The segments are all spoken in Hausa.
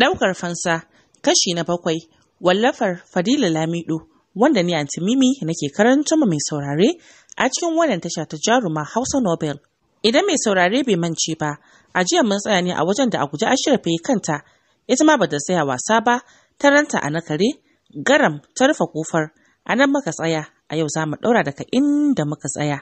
Ɗaukar fansa kashi na bakwai wallafar Fadila Lamido wanda ni Antimimi nake karanta mai saurare a cikin wannan tasha ta Jaruma Hausa Nobel. Idan mai saurare bai mance ba, a jiya mun tsaya ne a wajen da a guji ashirfe kanta, ita ma bata tsaya wasa ba, ta ranta a nakare, garam ta rufe kofar, a nan muka tsaya, a yau za mu ɗaura daga inda muka tsaya.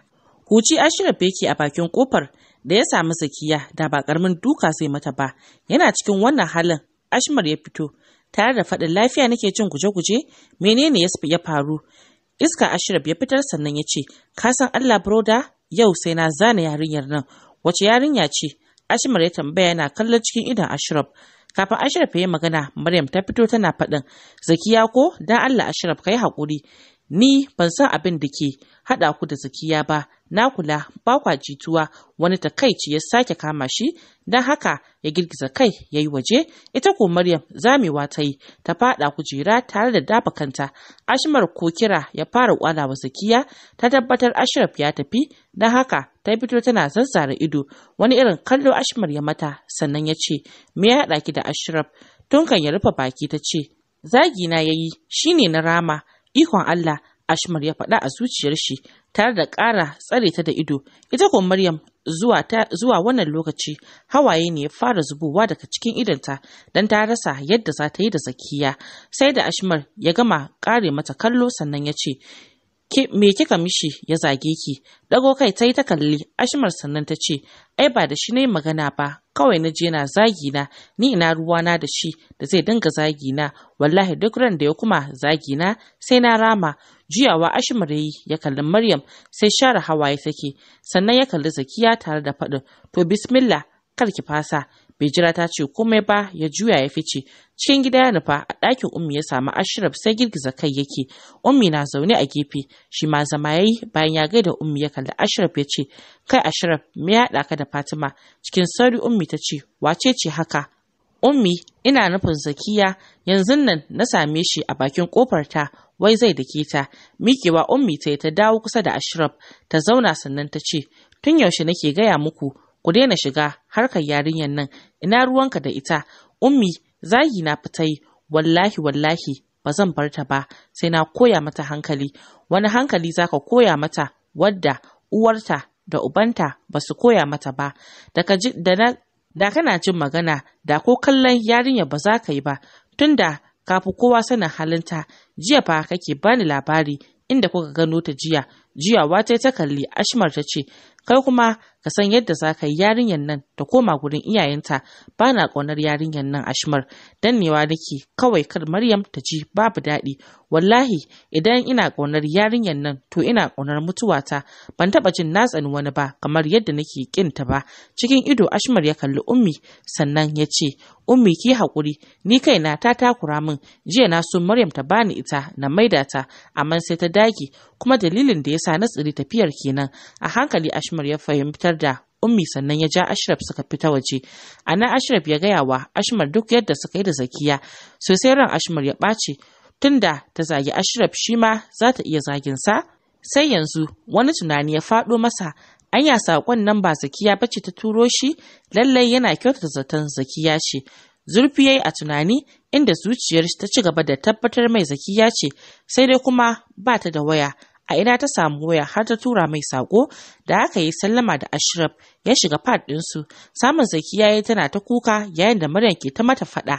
Huci ashirfe ke a bakin kofar da ya samu zakiya da ba karamin duka zai mata ba, yana cikin wannan halin Ashmar ya fito tare da faɗin lafiya nake jin guje-guje menene ya faru iska Ashraf ya fitar sannan ya ce ka san Allah broda yau sai na zana yarinyar nan wace yarinya ce Ashmar ya tambaya yana kallon cikin idon Ashraf kafin Ashraf ya yi magana Maryam ta fito tana faɗin zakiya ko dan Allah Ashraf yi haƙuri Ni ban san abin da ke haɗa ku da zakiya ba, na kula ba kwa jituwa wani takaici ya sake kama shi, don haka ya girgiza kai ya yi waje, ita ko Maryam zamewa ta yi, ta faɗa kujera tare da dafa kanta. Ashmar ko kira ya fara wa zakiya, ta tabbatar Ashraf ya tafi, don haka ta fito tana zazzara ido, wani irin kallo Ashmar ya mata, sannan ya ce, me ya haɗa ki da Ashraf? Tun kan ya rufe baki ta ce, zagina ya yi, shine na rama, ikon Allah Ashmar ya faɗa a zuciyar shi tare da ƙara tsare ta da ido. Ita ko Maryam zuwa, zuwa wannan lokaci hawaye ne ya fara zubowa daga cikin idonta dan ta rasa yadda za ta yi da zakiya. Sai da Ashmar ya gama ƙare mata kallo sannan ya ce, Ki, me kika mishi ya zage ki, dago kai ta ta kalli, ashmar sannan ta ce, ai ba da shi ne magana ba, kawai na je na zagi na, ni ina ruwana da shi da zai dinga zagi na, wallahi duk ran da ya kuma zagi na sai na rama. Juyawa ashmar yi ya kalli Maryam sai share hawaye take, sannan ya kalli zakiya tare da faɗin, to bismillah kar ki fasa, bai jira ta ce komai ba ya juya ya fice cikin gida ya nufa a ɗakin ummi ya samu ashraf sai girgiza kai yake ummi na zaune a gefe shi ma zama yayi bayan ya gaida ummi ya kalli ashraf ya ce kai ashraf me ya haɗa ka da fatima cikin sauri ummi ta ce wace ce haka ummi ina nufin zakiya yanzu nan na same shi a bakin kofar ta wai zai dake ta mikewa ummi ta ya ta dawo kusa da ashraf ta zauna sannan ta ce tun yaushe nake gaya muku ku daina shiga harkar yarinyar nan ina ruwanka da ita ummi zagi na fita yi wallahi wallahi ba zan bar ta ba sai na koya mata hankali wani hankali zaka koya mata wadda uwarta da ubanta ba su koya mata ba da kana jin magana da ko kallon yarinya ba za ka yi ba tunda kafi kowa sanin halinta jiya fa kake bani labari inda kuka gano ta jiya Jiya, wata ta kalli Ashmar ta ce, Kai kuma ka san yadda za ka yi yarinyar nan ta koma gurin iyayenta ba na ƙaunar yarinyar nan Ashmar. Dannewa nake kawai kar Maryam ta ji babu daɗi. Wallahi idan ina ƙaunar yarinyar nan to ina ƙaunar mutuwata ban taɓa jin na tsani wani ba kamar yadda nake ta ba. Cikin ido Ashmar ya kalli Ummi sannan ya ce, Ummi ki haƙuri ni kaina ta takura min jiya na so Maryam ta bani ita na maida ta amma sai ta dage kuma dalilin da ya sa na tsiri tafiyar kenan a hankali ashmar ya fahimtar da ummi sannan ya ja ashraf suka fita waje a nan ashraf ya gaya wa ashmar duk yadda suka yi da zakiya sosai ran ashmar ya ɓace tunda ta zagi ashraf shi ma za ta iya zagin sa sai yanzu wani tunani ya faɗo masa an ya saƙon nan ba zakiya ba ce ta turo shi lallai yana kyautata zaton zakiya ce zurfi yayi a tunani inda zuciyar ta ci gaba da tabbatar mai zakiya ce sai dai kuma ba ta da waya a ina ta samu waya har ta tura mai sako da aka yi sallama da ashraf ya shiga fad ɗinsu samun zaki yayi tana ta kuka yayin da maryam ke ta mata faɗa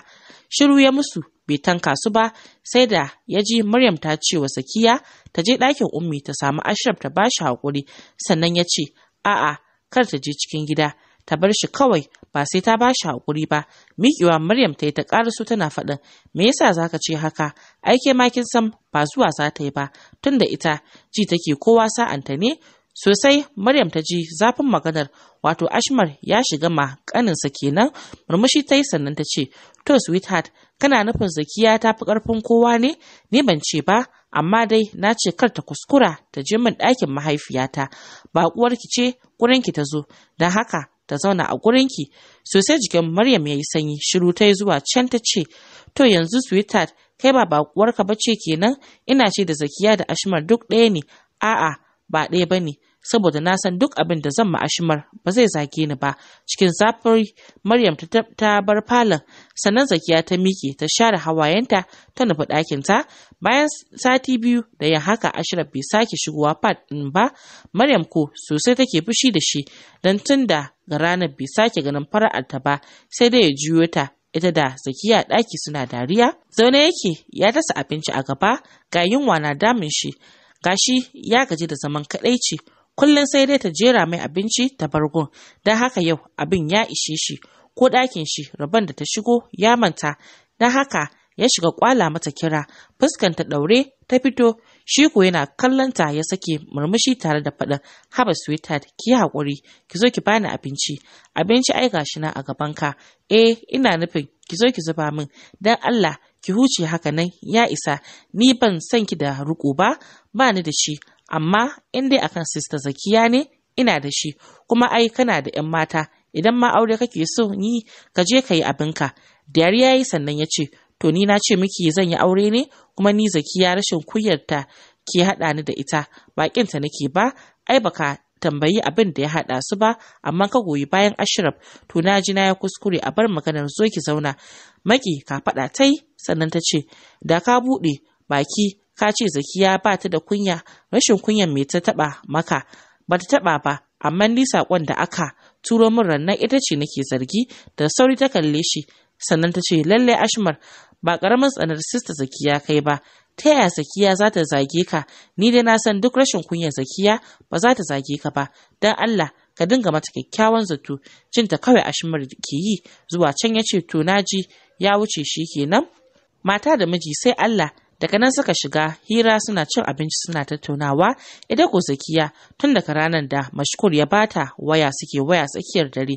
shiru ya musu bai tanka su ba sai da ya ji Maryam ta ce wa Sakiya ta je ɗakin ummi ta samu Ashraf ta bashi haƙuri sannan ya ce a'a kar ta je cikin gida ta bar shi kawai ba sai ta bashi haƙuri ba Mikiwa Maryam ta yi ta ƙaraso tana faɗin me yasa za ka ce haka aike ma kin san ba zuwa za ta yi ba tunda ita ji take kowa sa'anta ne sosai Maryam ta ji zafin maganar wato Ashmar ya shiga ma kaninsa kenan murmushi ta yi sannan ta ce to sweetheart kana nufin zakiya ta fi ƙarfin kowa ne ni ban ce ba amma dai na ce kar ta kuskura ta je min ɗakin mahaifiyata ba uwarki ce ki ta zo don haka ta zauna a gurinki sosai jikin maryam ya yi sanyi shiru ta yi zuwa can ta ce to yanzu sweetheart kai ba bakuwarka ba ce kenan ina ce da zakiya da ashmar duk ɗaya ne a'a ba ɗaya ba ne saboda na san duk abin da zan ma'ashimar ba zai zage ni ba cikin zafi maryam ta bar falon sannan zakiya ta miƙe ta share hawayenta ta nufi ta. bayan sati biyu da yin haka ashirar bai sake shigowa fat ɗin ba maryam ko sosai take fushi da shi don tun da ga ranar bai sake ganin ta ba sai dai ya juyo ta ita da zakiya ɗaki suna dariya zaune yake ya dasa abinci a gaba ga yunwa na damun shi gashi ya gaji da zaman kaɗaici kullum sai dai ta jera mai abinci ta bargon don haka yau abin ya ishe shi ko ɗakin shi rabon da ta shigo ya manta don haka ya shiga kwala mata kira fuskanta ɗaure ta fito shi ko yana kallon ya sake murmushi tare da faɗin haba sweetheart ki haƙuri ki zo ki bani abinci abinci ai gashi na a ka. eh ina nufin ki zo ki zuba min dan Allah ki huce haka nan ya isa ni ban san ki da ruku ba ba ni da shi amma in dai akan sista zakiya ne ina da shi kuma ai kana da 'yan mata idan ma aure kake so ni ka je ka yi abinka dariya ya yi sannan ya ce to ni na ce miki zan yi aure ne kuma ni zakiya rashin kuyarta ke haɗa ni da ita ta nake ba ai baka tambayi abin da ya haɗa su ba amma ka goyi bayan ashraf to na ji na ya kuskure a bar maganar zo ki zauna maki ka faɗa ta yi sannan ta ce da ka buɗe baki ka ce zakiya ba ta da kunya rashin kunya mai ta taba maka ba ta taba ba amma ni saƙon da aka turo min rannan ita ce nake zargi da sauri ta kalle shi sannan ta ce lallai ashmar ba karamin tsanar sista zakiya kai ba ta yaya zakiya za ta zage ka ni dai na san duk rashin kunya zakiya ba za ta zage ka ba dan allah ka dinga mata kyakkyawan zato cinta kawai ashmar ke yi zuwa can ya ce to naji ya wuce shi kenan mata da miji sai allah daga nan suka shiga hira suna cin abinci suna tattaunawa idan ko zakiya tun daga ranar da mashkur ya bata waya suke waya tsakiyar dare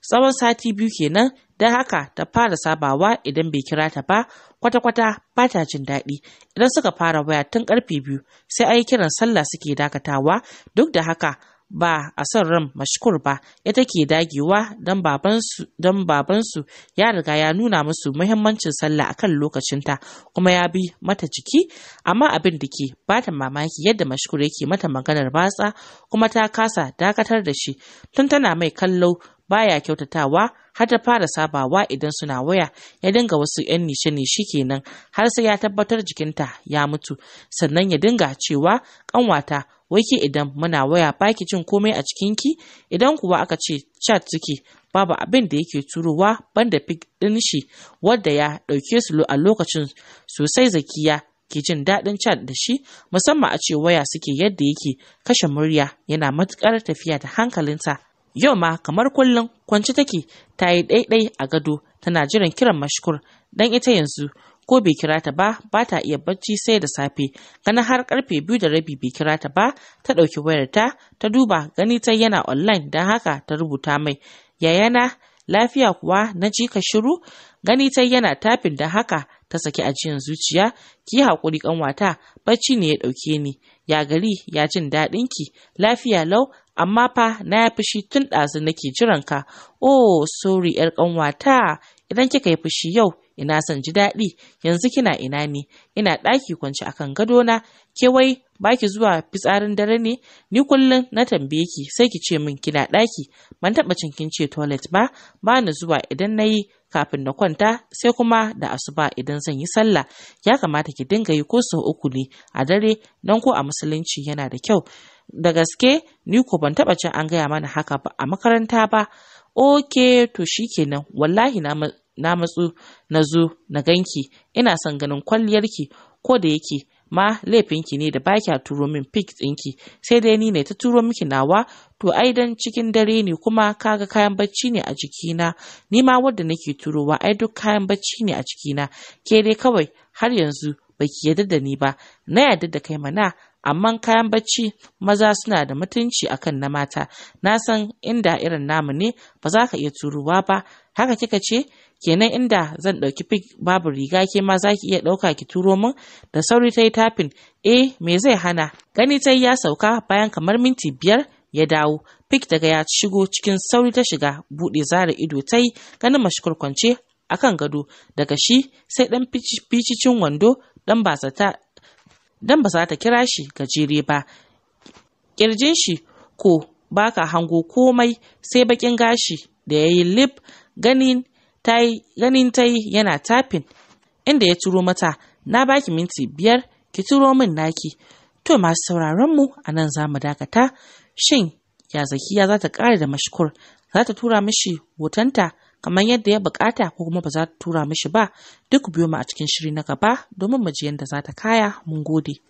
tsawon sati biyu kenan don haka ta fara sabawa idan bai kira ta ba kwata-kwata ba ta jin daɗi idan suka fara waya tun karfe biyu sai ayi kiran sallah suke dakatawa duk da haka ba a son ran mashkur ba ita ke dagewa don babansu ya riga ya nuna musu muhimmancin sallah akan lokacinta kuma ya bi mata jiki amma abin da ke bata mamaki yadda mashkur yake mata maganar batsa kuma ta kasa dakatar da shi tun tana mai kallo baya kyautatawa har ta fara sabawa idan suna waya ya dinga wasu 'yan nishe shi kenan har sai ya tabbatar jikinta ya mutu sannan ya dinga cewa kanwata wai ke idan muna waya baki jin komai a cikin ki idan kuwa aka ce chat ciki babu abin da yake turowa banda pic ɗin shi wanda ya dauke su a lokacin sosai zakiya ke jin daɗin chat da shi musamman a ce waya suke yadda yake kashe murya yana matukar tafiya da hankalinta yau ma kamar kullum kwanci take ta yi ɗaiɗai a gado tana jiran kiran mashkur dan ita yanzu ko bai kira ta ba ba ta iya bacci sai da safe gana har karfe biyu da rabi bai kira ta ba ta ɗauki wayar ta ta duba gani ta yana online don haka ta rubuta mai yayana lafiya kuwa na ji ka shiru gani ta yana tafin don haka ta saki ajiyan zuciya ki haƙuri kanwata bacci ne ya ɗauke ni ya gari ya jin daɗin ki lafiya lau amma fa na ya fushi tun ɗazu nake jiran ka oh sorry yar kanwata idan kika yi fushi yau ina son ji daɗi yanzu kina ina ne ina ɗaki kwanci akan gadona ke wai baki zuwa fitsarin dare ne ni kullum na tambaye ki sai ki ce min kina ɗaki ban taɓa cin kin ce toilet ba ba na zuwa idan na yi kafin na kwanta sai kuma da asuba idan zan yi sallah ya kamata ki dinga yi ko sau uku ne a dare don ko a musulunci yana da kyau da gaske ni ko ban taɓa cin an gaya mana haka ba a makaranta ba Okay, to shi kenan wallahi na na matsu na zo na ganki ina son ganin kwalliyarki ko da yake ma laifinki ne da baki turo min pic ɗinki sai dai ni ne ta turo miki nawa to ai dan cikin dare ne kuma kaga kayan bacci ne a jikina ni ma wadda nake turowa ai duk kayan bacci ne a jikina ke dai kawai har yanzu baki yarda da ni ba na yarda da kai mana amma kayan bacci maza suna da mutunci akan na mata na san inda irin namu ne ba za ka iya turuwa ba haka kika ce kenan inda zan ɗauki fik babu riga ke ma za ki iya ɗauka ki turo min da sauri ta yi tafin eh me zai hana gani ta ya sauka bayan kamar minti biyar ya dawo fik daga ya shigo cikin sauri ta shiga buɗe zara ido ta yi ganin mashukur kwance akan gado daga shi sai ɗan ficicin wando ɗan basata don ba za ta kira shi gajere ba ƙirjin shi ko baka hango komai sai bakin gashi da ya yi lip ganin ta yi yana tafin inda ya turo mata na baki minti biyar ki turo min naki to masu sauraron mu a nan za mu dakata shin ya zakiya za ta ƙara da mashkur za ta tura mishi hotonta kamar yadda ya bukata ko kuma ba za ta tura mishi ba duk biyu mu a cikin shiri na gaba domin majiyan da za ta kaya mun gode.